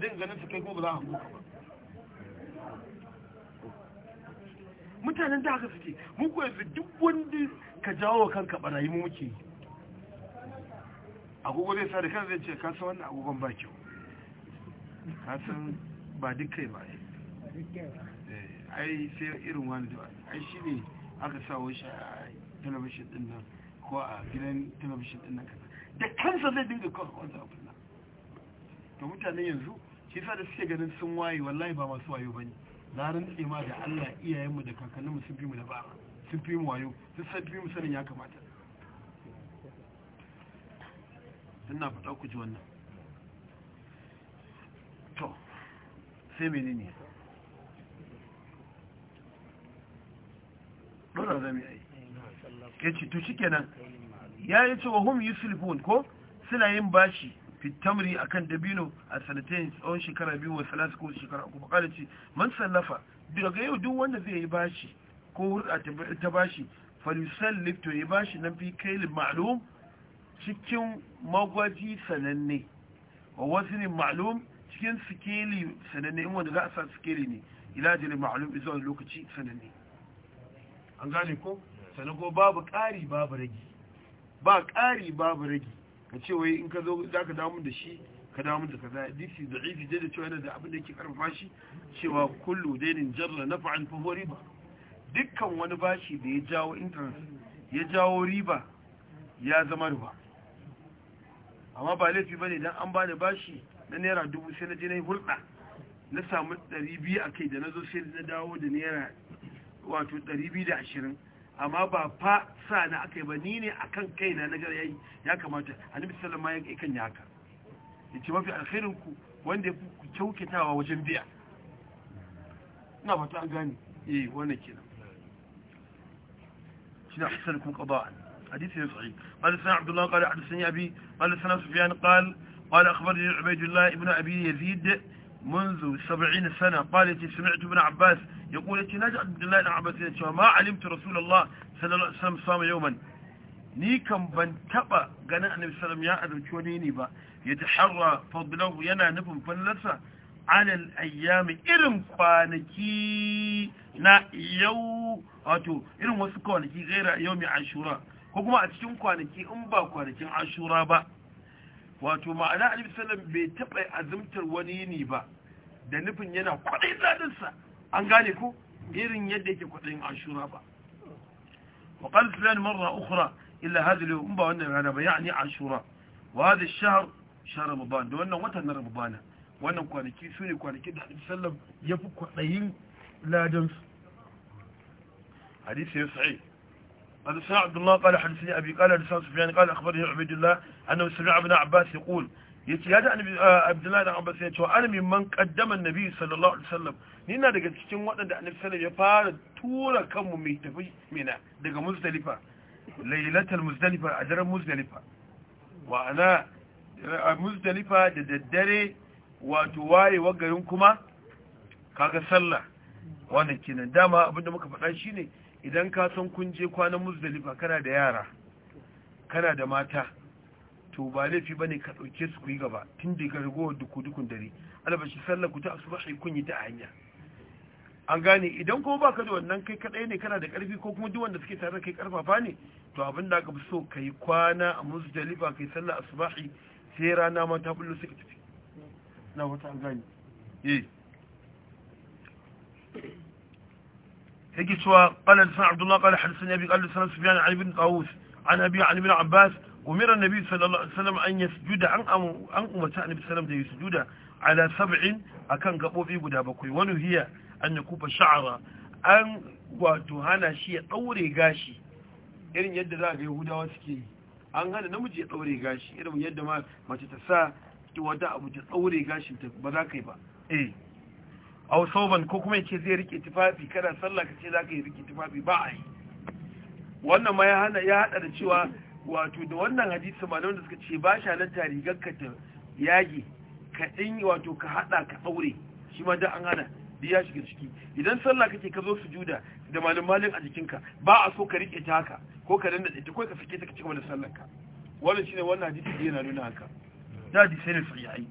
zai ganin su kai kuma ba za a muka ba mutanen da haka suke muku yanzu duk wanda ka jawo wa kanka barayi mu muke agogo zai sa da kan zai ce ka san wannan agogon ba kyau ka san ba duk kai ba ai eh, sai irin wani da ai shi ne aka sa shi a telebishin din nan ko a gidan telebishin din nan da kansa zai dinga kawo wanda abu nan to mutane yanzu shi sa da suke ganin sun waye wallahi ba masu wayo bane na rantse ma da Allah iyayenmu da kakanninmu sun fi mu da ba sun fi mu wayo sun san fi mu sanin ya kamata ina faɗa ku ji wannan to sai menene dora zami ai ci to shikenan ya ce wa hum yuslifun ko suna yin bashi fitamri akan dabino a sanatain tsawon shekara biyu wasu salasa ko shekara uku bakala ce man sallafa daga yau duk wanda zai yi bashi ko hurɗa ta bashi falisan lifto ya bashi nan fi kailin ma'alum cikin magwaji sananne wa wasu ne ma'alum cikin sikeli sananne in wanda za a sa sikeli ne ilajirin ma'alum wani lokaci sananne an gane ko sanago babu ƙari babu ragi ba ƙari babu ragi a ce wai in ka zo za ka damu da shi ka damu da kaza hadisi da ifi da cewa yana da abin da yake karfafa shi cewa kullu dainin jarra nafa'an fa huwa riba dukkan wani bashi da ya jawo interest ya jawo riba ya zama riba amma ba laifi ba ne dan an bani bashi na naira dubu sai na je na yi hulɗa na samu ɗari biyu da na zo sai na dawo da naira wato ɗari da ashirin amma ba fa sa na aka yi ba ni ne a kan kai na nagar yayi ya kamata annabi sallama ya kan ya haka ya ce mafi alkhairinku wanda ya ku kyaukitawa wajen biya ina fata an gane eh wannan kenan shi ne ahsanukum qada'an hadisi ne sahih qala sana abdullah qala hadathani abi qala sana sufyan qala qala akhbarani ubaydullah ibn abi yazid منذ سبعين سنة قال سمعت ابن عباس يقول يتي ناجع عبد الله بن عباس ما علمت رسول الله صلى الله عليه وسلم صام يوما ni kan ban taba ganin annabi sallam ya azumci wani ne ba ya taharra fadlahu yana nufin fallarsa alal ayyami irin kwanaki na yau wato irin wasu kwanaki gaira yau mai ashura ko kuma a cikin kwanaki in ba kwanakin ashura ba wato ma'ana annabi bai taba azumtar wani ne ba da nufin yana kwaɗin zaɗinsa an gane ku irin yadda yake kwaɗin ashura ba wa ƙar sulani marra ukura illa hajjali in ba wannan rana ba ya ne ashura wa da shahar shahar rububana da wannan watan na rububana wannan kwanaki su ne kwanaki da hadisi ya fi kwaɗayin ladinsu hadisi ya sa'i قال سمع عبد الله قال حدثني أبي قال حدثني سفيان قال أخبره عبد الله أنه سمع ابن عباس يقول yace ya ji eh, abdullahi dan abbas ya ce ana min man qaddama annabi sallallahu alaihi wasallam ni na daga cikin waɗanda annabi sallallahu ya fara tura kanmu mai tafi mina daga muzdalifa lailatul muzdalifa a daren muzdalifa wa ana eh, muzdalifa da daddare wato waye garin kuma kaga sallah wannan kenan dama abinda muka faɗa shine idan ka san kun je kwanan muzdalifa kana da yara kana da mata to ba laifi bane ka dauke su ku yi gaba tun da ga ragowar duku dukun dare albashi sallar ku ta asubahi kun yi ta hanya an gane idan kuma baka da wannan kai kadai ne kana da karfi ko kuma duk wanda suke tare kai karfafa ne to abin da aka fi so kai kwana a muzdalifa kai sallar asubahi sai rana ma ta bullo suka tafi na wata an gane eh هيك سوا قال حدثنا عبد الله قال حدثني ابي قال حدثنا سفيان عن ابن طاووس عن ابي عن ابن عباس umiran nabi sallallahu alaihi wasallam an yasjuda an an umarta annabi sallallahu alaihi wasallam da yasjuda a kan akan gabobi guda bakwai wani hiya an yakufa sha'ara an wato hana shi ya daure gashi irin yadda za a yahudawa suke yi an hana namiji ya daure gashi irin yadda ma mace ta sa ki wata abu ta daure gashin ba za ka yi ba eh aw sauban ko kuma yace zai rike tufafi kana sallah kace za ka yi rike tufafi ba ai wannan ma ya hana da cewa wato da wannan hadisi malam da suka ce ba shi halatta rigar ka ta yage ka ɗin wato ka haɗa ka ɗaure shi ma da an hana da ya shiga ciki idan sallah kake ka zo su juda da malam malin a jikinka ba a so ka riƙe ta haka ko ka danna ita ko ka sake ta ka cigaba da sallar ka wannan shine wannan hadisi da yana nuna haka da hadisi ne sahihai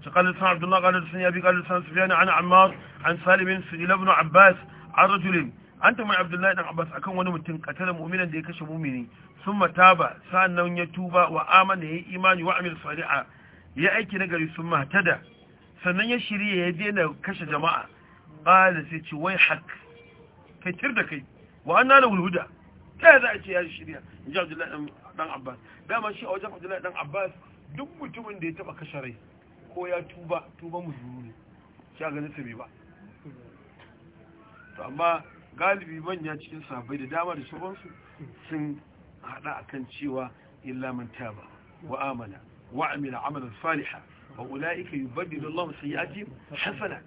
فقال لسان عبد الله قال لسان أبي قال لسان سفيان عن عمار عن سالم بن سجل بن عباس عن رجل an ta abdullahi dan abbas akan wani mutum katalar mu'minan da ya kashe mumini sun mataba sa'annan ya tuba wa amana ya yi imani wa amil sali'a ya aiki na gari sun da sannan ya shirya ya daina kashe jama'a ƙala sai ce wai hak kai tir da kai wa an nana wulhuda ta za a ce ya shirya in abdullahi dan abbas dama shi a wajen abdullahi dan abbas duk mutumin da ya taba kashe rai ko ya tuba tuba musulmi ne shi a ganin sabi ba to amma galibi manya cikin sabai da dama da sauransu sun hada akan cewa illa man taba wa amana wa Amina amalan saliha wa ulaika yubaddilu Allahu sayyi'atihim hasanat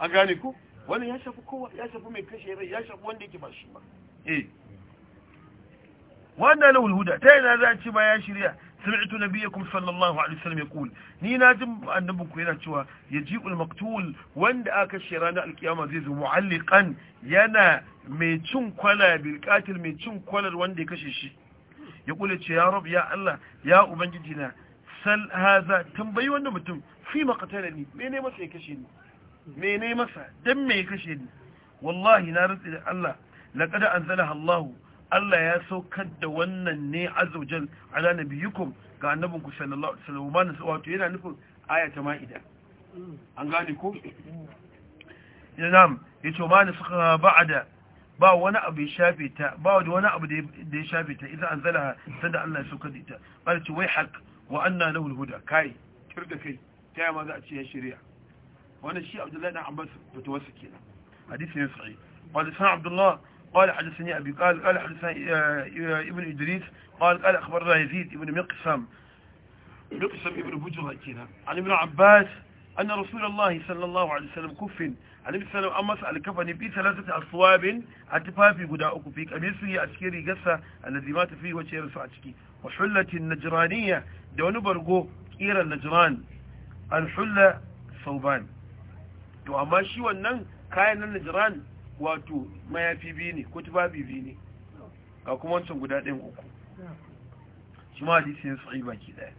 an gane ku wannan ya shafi kowa ya shafi mai kashe rai ya shafi wanda yake ba shi ba eh wanda lahul huda ta yana za a ci ba ya shirya sami'tu nabiyakum sallallahu alaihi wasallam yaqul ni na jin annabin ku yana cewa yaji'ul maqtul wanda aka shi ranar alkiyama zai zo mu'alliqan yana mai cin kwala bil mai cin kwalar wanda ya kashe shi ya kula ce ya rabu ya Allah ya ubangiji na sal haza tambayi wanda mutum fi maqtala ni mene masa ya kashe ni dan me ya kashe ni wallahi na rantsi da Allah laqad anzalaha Allahu Allah ya saukar da wannan ne azawajal ala nabiyukum ga annabinku sallallahu alaihi wasallam wato yana nufin aya ta maida an gane ko na'am yace ma suka ba'da ba wani abu ya shafe ta ba wani abu da ya shafe ta idan anzalaha sanda Allah ya saukar da ita bal ci wai haq wa anna lahu alhuda kai da kai ta yama za a ce ya shari'a wannan shi Abdullahi dan Abbas fatawarsa kenan hadisi ne sahih qala sana Abdullah قال حدثني أبي قال قال حدثني آه، ابن إدريس قال قال أخبرنا يزيد ابن مقسم مقسم ابن بجرة كذا عن ابن عباس أن رسول الله صلى الله عليه وسلم كفن عليه سلم أمس على كفن في ثلاثة أصواب أتفافي قداء في هي أسكيري قصة الذي مات فيه وشير أتشكي وحلة النجرانية دون برقو كير النجران الحلة صوبان تو amma shi wannan kayan wato mayafi biyu ne ko tufafi biyu ne ga kuma wancan guda ɗin uku shi ma hadisi ne sa'i baki ɗaya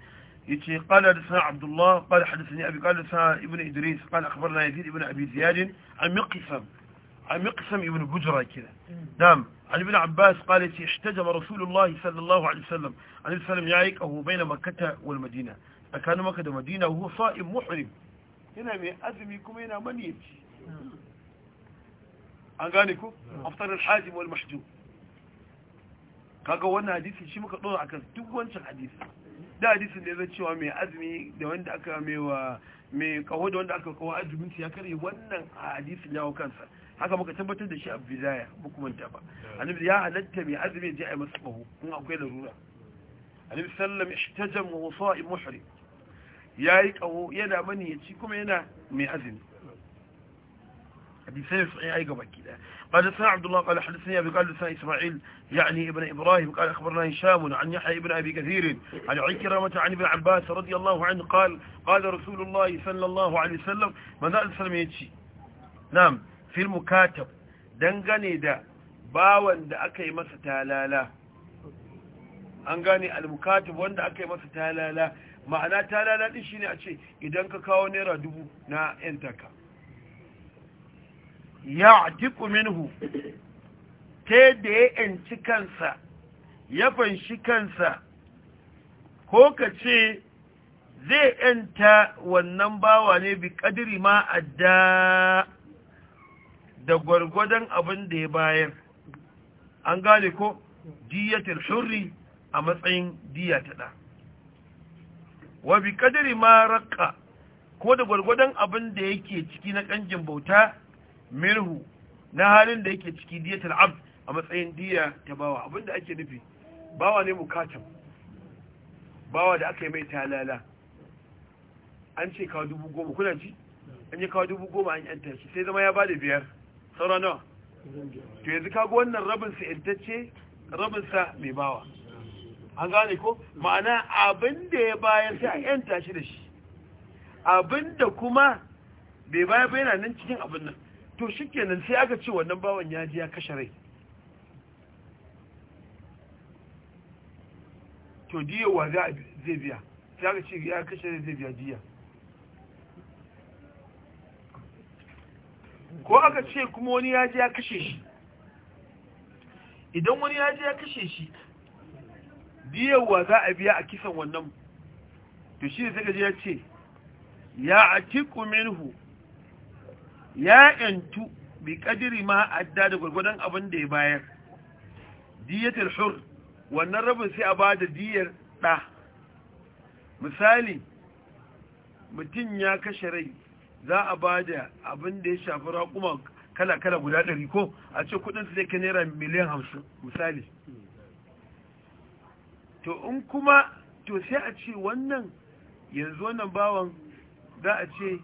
yace da hadathana abdullah qala hadathani abi qala sana ibnu idris qala akhbarna yazid ibnu abi ziyad an miqsam an miqsam ibnu bujra kida dam an ibn abbas qala yace ihtajama rasulullah sallallahu alaihi wasallam alaihi wasallam ya'iqahu bayna makkah wal madina tsakanin makka da madina huwa sa'im muhrim yana mai azumi kuma yana maniyaci an gane ku aftar al-hajim wal mahjum kaga wannan hadisi shi muka dora akan duk wancan hadisi da hadisin da zai cewa mai azumi da wanda aka mewa mai kaho da wanda aka kawo azumin ya kare wannan hadisin yawon kansa haka muka tabbatar da shi a bidaya hukumanta ba annabi ya halatta mai azumi ji a yi masa kaho in akwai larura annabi sallam ihtajam wa sa'im muhrim yayi kaho yana mani yaci kuma yana mai azumi حديثين صحيح أي قبل كده قال حدثنا عبد الله قال حدثني أبي قال حدثنا إسماعيل يعني ابن إبراهيم قال أخبرنا هشام عن يحيى ابن أبي كثير عن عكرمة عن ابن عباس رضي الله عنه قال قال رسول الله صلى الله عليه وسلم ماذا السلام يتشي نعم في المكاتب dangane da bawan da aka yi masa talala an gane almukatib wanda aka yi masa talala ma'ana talala din shine a ce idan ka kawo naira dubu na 'yan taka ya jiku minhu ta yadda ya ‘yanci kansa ya fanshi kansa ko ka ce zai ‘yanta wannan bawa ne bi ƙadiri ma adda da gwargwadon abin da ya bayan an gane ko diyatar shuri a matsayin diya ta ɗa wa bi ƙadiri ma raƙa ko da gwargwadon abin da yake ciki na ƙanjin bauta minhu na halin da yake ciki diyatul abd a matsayin diya ta bawa abinda ake nufi bawa ne mukatab bawa da aka yi mai talala an ce kawo dubu goma kuna ji an yi kawo dubu goma an yanta shi sai zama ya bada biyar saura nawa to yanzu kago wannan rabinsa yantacce rabinsa mai bawa an gane ko ma'ana abin da ya bayar sai an yanta shi da shi abin da kuma bai bayar nan cikin abin nan to shi kenan sai aka ce wannan bawan ya ji ya kashe rai to diya wa za a biya sai aka ce ya kashe rai zai biya diya ko aka ce kuma wani ya ji ya kashe shi idan wani ya ji ya kashe shi wa za a biya a kisan wannan to shi ne sai gaji ya ce ya a atiku minhu ya yantu bi kadiri ma adda da gwargwadon abin da ya bayar diyatul hur wannan rabin sai a ba da diyar ɗa misali mutum ya kashe rai za a ba da abin da ya shafi raƙuma kala-kala guda ɗari ko a ce kudinsu zai ka naira miliyan hamsin misali to in kuma to sai a ce wannan yanzu wannan bawan za a ce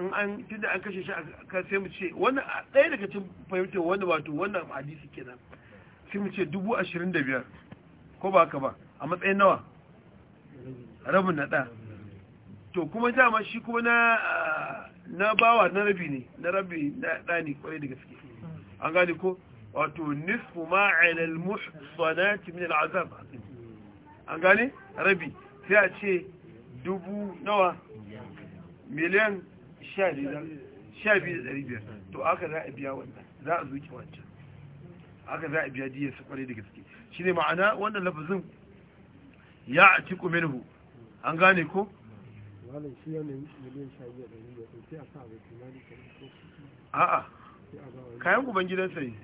in an tunda an kashe shi a sai mu ce wannan ɗaya daga cin fahimtar wanda wato wannan hadisi kenan sai mu ce dubu ashirin da biyar ko ba haka ba a matsayin nawa rabin na ɗa to kuma dama shi kuma na na bawa na rabi ne na rabi na ɗa ne kwarai da gaske an gane ko wato nisfu ma'ilal muhsanati min al'azab an gane rabi sai a ce dubu nawa miliyan sha biyu da ɗari biyar to aka za a biya wannan za a zuki wancan aka za a biya diyar su kwarai da gaske shi ne ma'ana wannan lafazin ya a ci kuminhu an gane ko? a'a kayan kuban gidansa ne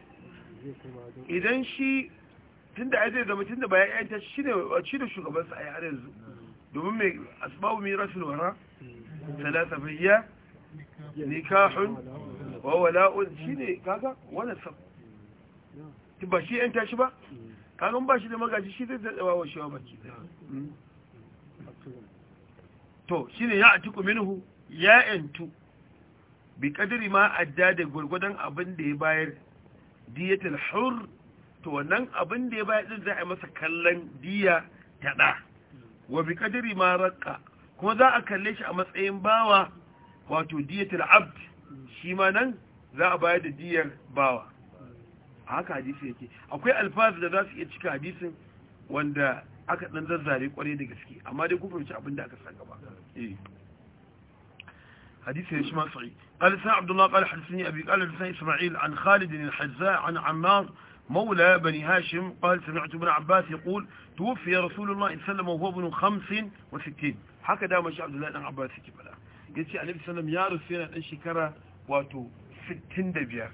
idan shi tun da zai zama tun da bayan yanta shi ne shi da shugabansa a yi har yanzu hmm. domin mai asibabu mai rasu lura talata hmm. bayya nikahun wa wala'un shine kaga wani sab ba shi yan tashi ba kagan ba shi da magaji shi zai tsawa wa shi wa baki hmm. to shi ne ya atiku minhu ya yantu bi kadiri ma a da gwargwadon abin da ya bayar diyatul hur to wannan abin da ya bayar din za a yi masa kallon diya ta da wa bi kadiri ma raqqa kuma za a kalle shi a matsayin bawa wato diyatul abd shi ma nan za a bayar da diyar bawa haka hadisi yake akwai alfazu da za su iya cika hadisin wanda aka dan zazzare kwarai da gaske amma dai ku fahimci abin da aka san gaba eh حديث هشام الصعي قال سنا عبد الله قال حدثني أبي قال حدثني إسماعيل عن خالد الحزاء عن عمار مولى بني هاشم قال سمعت ابن عباس يقول توفي رسول الله صلى الله عليه وسلم وهو ابن خمس وستين هكذا مشى عبد الله بن عباس كبلا ya ce annabi sallam yaro sai na ɗan shekara wato 65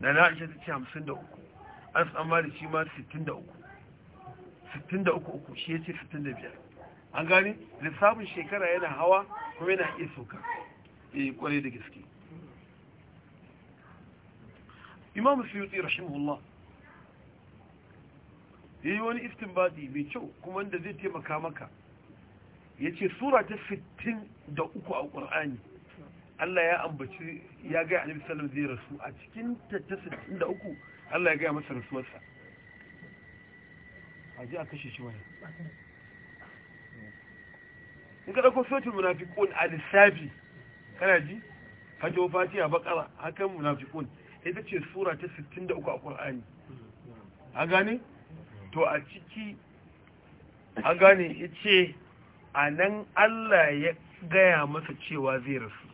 na na'isha ta ce 53 an tsammari shi ma 63 63 uku shi ya ce 65 an gani lissafin shekara yana hawa kuma yana iya soka ya eh, kware da gaske imam suyuti rahimahullah ya yi wani istinbadi mai kyau kuma wanda zai taimaka maka ya ce sura ta 63 a ƙur'ani Allah ya ambaci ya gaya annabi sallam zai rasu a cikin ta 63 Allah ya gaya masa rasuwarsa a ji a kashe shi wani in ka ɗauko sautin munafiƙun a lissafi kana ji hajjo fatiha bakara hakan munafikun ita ce sura ta 63 a ƙur'ani a gane to a ciki a gane ya ce a nan Allah ya gaya masa cewa zai rasu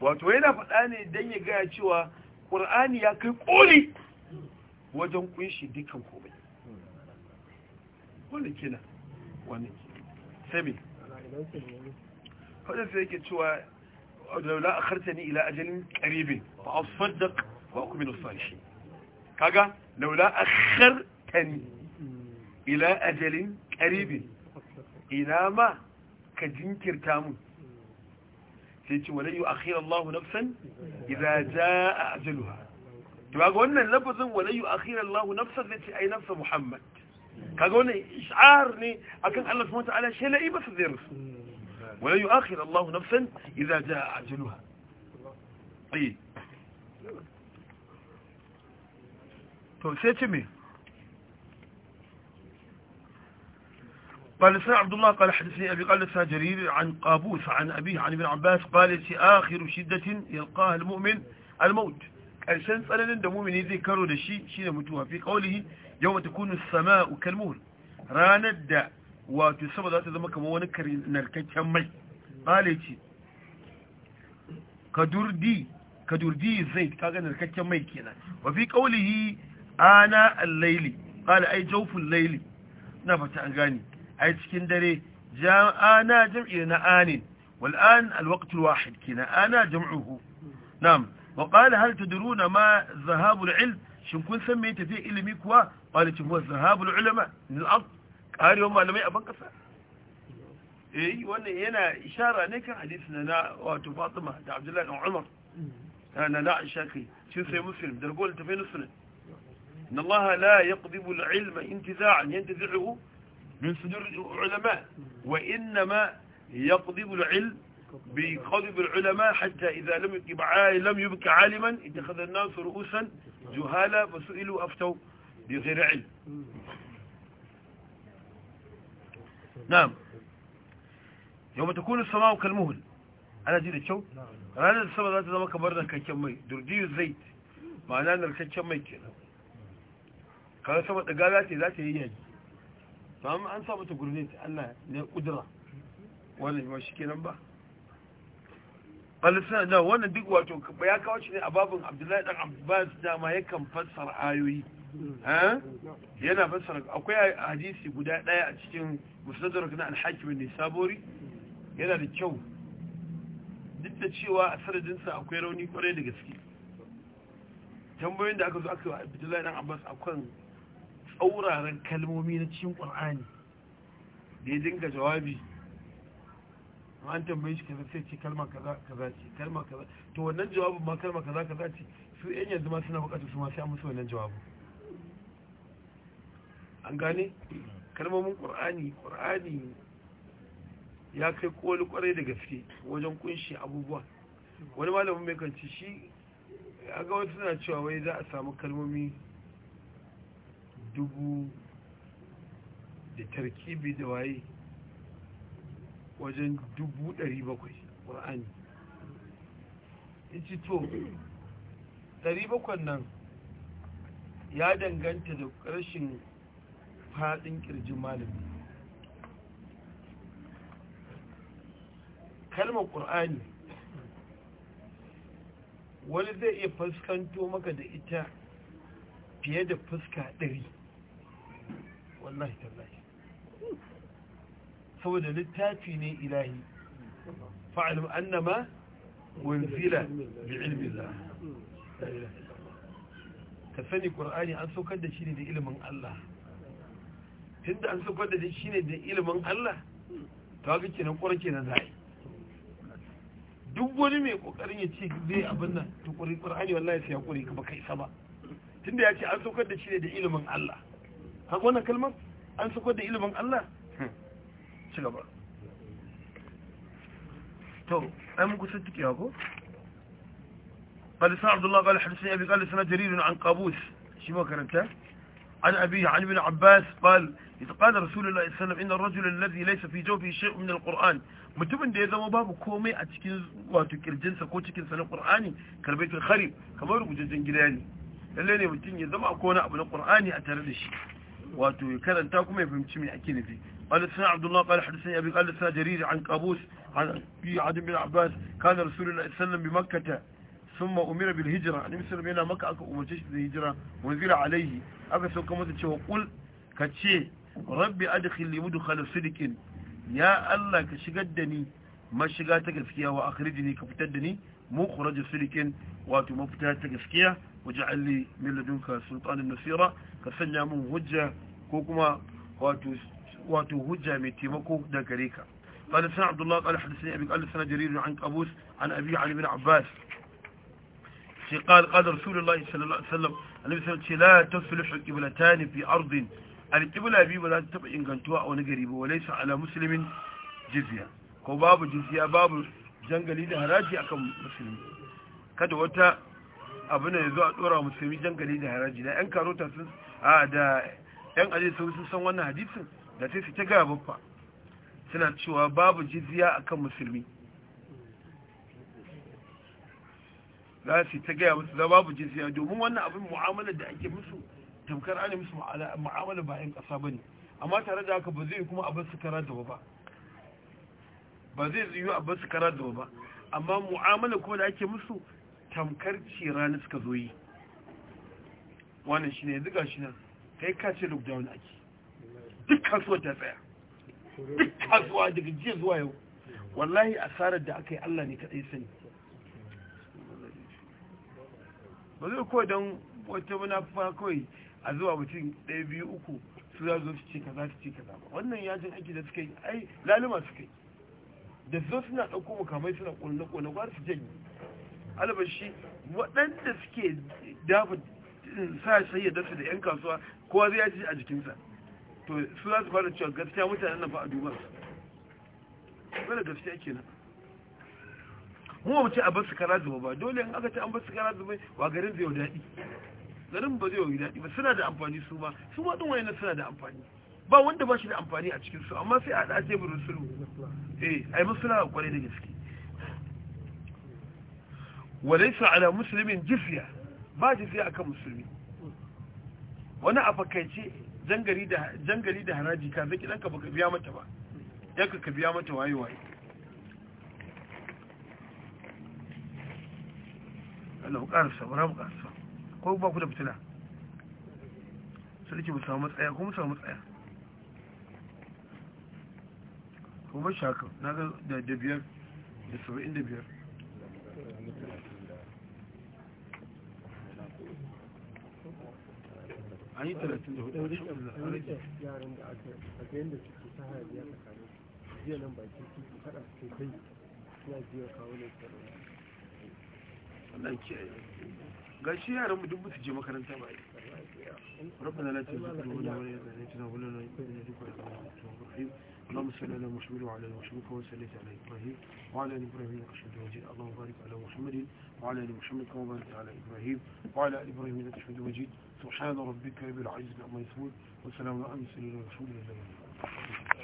wato yana faɗa ne don ya gaya cewa ƙur'ani ya kai ƙoli wajen kunshi dukkan komai wani kina wani sami wadda sai yake cewa daula a ni ila ajalin ƙaribin ba a fadda ba ku min usalishi kaga daula a kartani ila ajalin ƙaribin ina ma ka jinkirta mu sai ce wala yu'akhiru Allah nafsan idza jaa ajaluha to ga wannan lafazin wala yu'akhiru Allah nafsan sai ai nafsa Muhammad kaga wani ish'ar ne akan Allah subhanahu wa ta'ala shi la'i bas zai rusu wala yu'akhiru Allah nafsan idza jaa ajaluha ai eh. to sai ce me قال سيدنا عبد الله قال حدثني أبي قال لسنا جرير عن قابوس عن أبيه عن ابن عباس قال آخر شدة يلقاها المؤمن الموت أرسان فلن دا مؤمن يذكروا لشي شين متوها في قوله يوم تكون السماء كالمهر راند دا وتسمى ذات ذمك موانكر نركت مي قال كدردي كدردي الزيت كاغا نركت مي كينا وفي قوله آنا الليلي قال أي جوف الليلي نفت أنغاني a cikin dare ja'ana jam'i na anin wal an al waqt al wahid kina ana jam'uhu nam wa qala hal ma dhahab al ilm shin san me tafi ilimi kuwa qala chi huwa dhahab al ulama min al ard qari huma lamai yana ishara ne kan hadisi na wato Fatima da Abdullahi da Umar ana la shaki shin sai muslim dargol tafi nusul ان الله لا يقضب العلم انتزاعا ينتزعه من صدور العلماء وإنما يقضب العلم بقضب العلماء حتى إذا لم يبقى لم يبك عالما اتخذ الناس رؤوسا جهالا فسئلوا أفتوا بغير علم نعم يوم تكون السماء كالمهل أنا جيد شو أنا السماء ذات زمان كبرنا كالشمي دردي الزيت معناه أن الكالشمي كنا كان السماء تقالاتي ذاتي هي يعني. to amma an sa mata gurbi ta Allah ne kudura wannan ma shi kenan ba alisan da wannan duk wato ya kawo shi ne a babin abdullahi dan abbas dama yakan fassara ayoyi yana fassara akwai hadisi guda daya a cikin musnadar na al-hakim ne sabori yana da kyau duk da cewa a sanadinsa akwai rauni kwarai da gaske tambayoyin da aka zo aka yi wa abdullahi dan abbas akwai. tsauraran kalmomi na cikin ƙwar'ani da ya dinga jawabi an tambaye shi kaza sai ce kalma kaza kaza ce kalma kaza to wannan jawabin ma kalma kaza kaza ce su yan yanzu ma suna bukatu su ma sai musu wannan jawabin an gane kalmomin qur'ani qur'ani ya kai koli kwarai da gaske wajen kunshi abubuwa wani malamin mai kanci shi ga wasu suna cewa wai za a samu kalmomi dubu da tarkibi da waye wajen dubu ɗari bakwai ƙwar'ani in ci to ɗari bakwai nan ya danganta da ƙarshen faɗin ƙirjin malami kalmar ƙur'ani wani zai iya fuskanto maka da ita fiye da fuska ɗari wallahi tallahi saboda littafi ne ilahi fa'alim annama wanzila bi ilmi za ka sani qur'ani an saukar da shi ne da ilimin Allah tunda an saukar da shi ne da ilimin Allah to haka kenan ƙwarke na zai duk wani mai kokarin ya ce zai abin nan to ƙur'ani wallahi sai ya ƙure ka ba kai sama tunda ya ce an saukar da shi ne da ilimin Allah kaga wannan kalmar an sako da ilimin Allah hmm. ci gaba to ai mun kusa tiki hako. عن أبيه عن ابن عباس قال رسول الله عليه وسلم إن الرجل الذي ليس في جوفه شيء من القرآن mutumin da ya zama babu komai a cikin kirjinsa ko cikinsa na ƙur'ani karbaitul kamar rubutaccen gida ne lalle ne mutum ya zama abu na tare da shi wato ya karanta kuma ya fahimci mai ake nufi wanda suna abdullahi bi kwallo suna jariri an kabus bi adin bin abbas kan rasulun na isallam bi makata sun ma umira bil hijira a nimisar mai na maka aka umarci shi da hijira wanzira alaihi aka sauka masa cewa kul ka rabbi adikhil li mudkhala sidqin ya allah ka shigar da ni mashiga ta gaskiya wa akhrijni ka fitar da ni mukhraj sidqin wato mafita ta gaskiya وجعل لي من لدنك سلطان النصيرة ka sanya هجة كوكما واتو هجة wato wato hujja mai قال السنة عبد الله قال حدثني أبي قال السنة جرير عن أبوس عن أبي علي بن عباس قال قال رسول الله صلى الله عليه وسلم النبي صلى الله عليه وسلم لا تفلح القبلتان في أرض القبلة بي ولا تبع إنغنتوا أو نقريب وليس على مسلم جزية ko babu jizya babu jangali da haraji akan musulmi kada wata abu ne ya zo a jan musulmi da haraji da 'yan karota sun a da 'yan aji sun san wannan hadisin da sai su ta gaya babba suna cewa babu jizya a kan musulmi za su ta gaya musu za babu jizya domin wannan abin mu'amalar da ake musu tamkar ne musu mu'amalar ba 'yan ƙasa ba ne amma tare da haka ba zai kuma abin su kara da ba ba zai zuyi abin su kara da ba amma mu'amalar kuma da ake musu tamkar ce rana suka zo yi wannan shi ne yanzu shi nan kai ka ce lockdown ake duk kasuwa ta tsaya duk kasuwa daga jiya zuwa yau wallahi asarar da aka yi Allah ne kaɗai sani ba zai ko don wata fa kawai a zuwa mutum ɗaya biyu uku su za zo su ce kaza su ce kaza ba wannan yajin aiki da suka yi ai lalima suka yi da zo suna ɗauko kamai suna ƙone-ƙone gwar su janye albashi waɗanda suke dafa sa shayyar su da 'yan kasuwa kowa zai yaji a jikinsa to su za su fara cewa gaskiya mutanen nan ba a duba su wadda gaskiya ke nan mu ba mace a basu kara zuba ba dole in aka ce an basu kara zuba wa garin zai yau daɗi garin ba zai yau daɗi ba suna da amfani su ma su ma ɗin wayannan suna da amfani ba wanda ba shi da amfani a cikin su amma sai a ɗace burin sulhu eh a yi masu la'a kwarai da gaske وليس على musulmin جفية ba جفية أكا musulmi wani a fakaice jangari da haraji ka zaki ɗanka ba ka biya mata ba ka biya mata waye-waye Allah ƙarsa ƙarsa ko ba ku da fitila sarki mu samu samu an yi 34 yaran da aka agayin da suke ta a tsakanin jiya nan baki suke fada suke kai suna jiya kawo ne Allah kiyaye ga shi yaran mu duk je makaranta ba yi ربنا لا تزغ قلوبنا ولا تزغ قلوبنا وانك اللهم صل على محمد وعلى ال محمد كما صليت على ابراهيم وعلى ال ابراهيم انك حميد مجيد اللهم بارك على محمد وعلى ال محمد كما باركت على ابراهيم وعلى ال ابراهيم انك حميد مجيد سبحان ربك رب العزه عما يصفون وسلام على المرسلين والحمد لله رب العالمين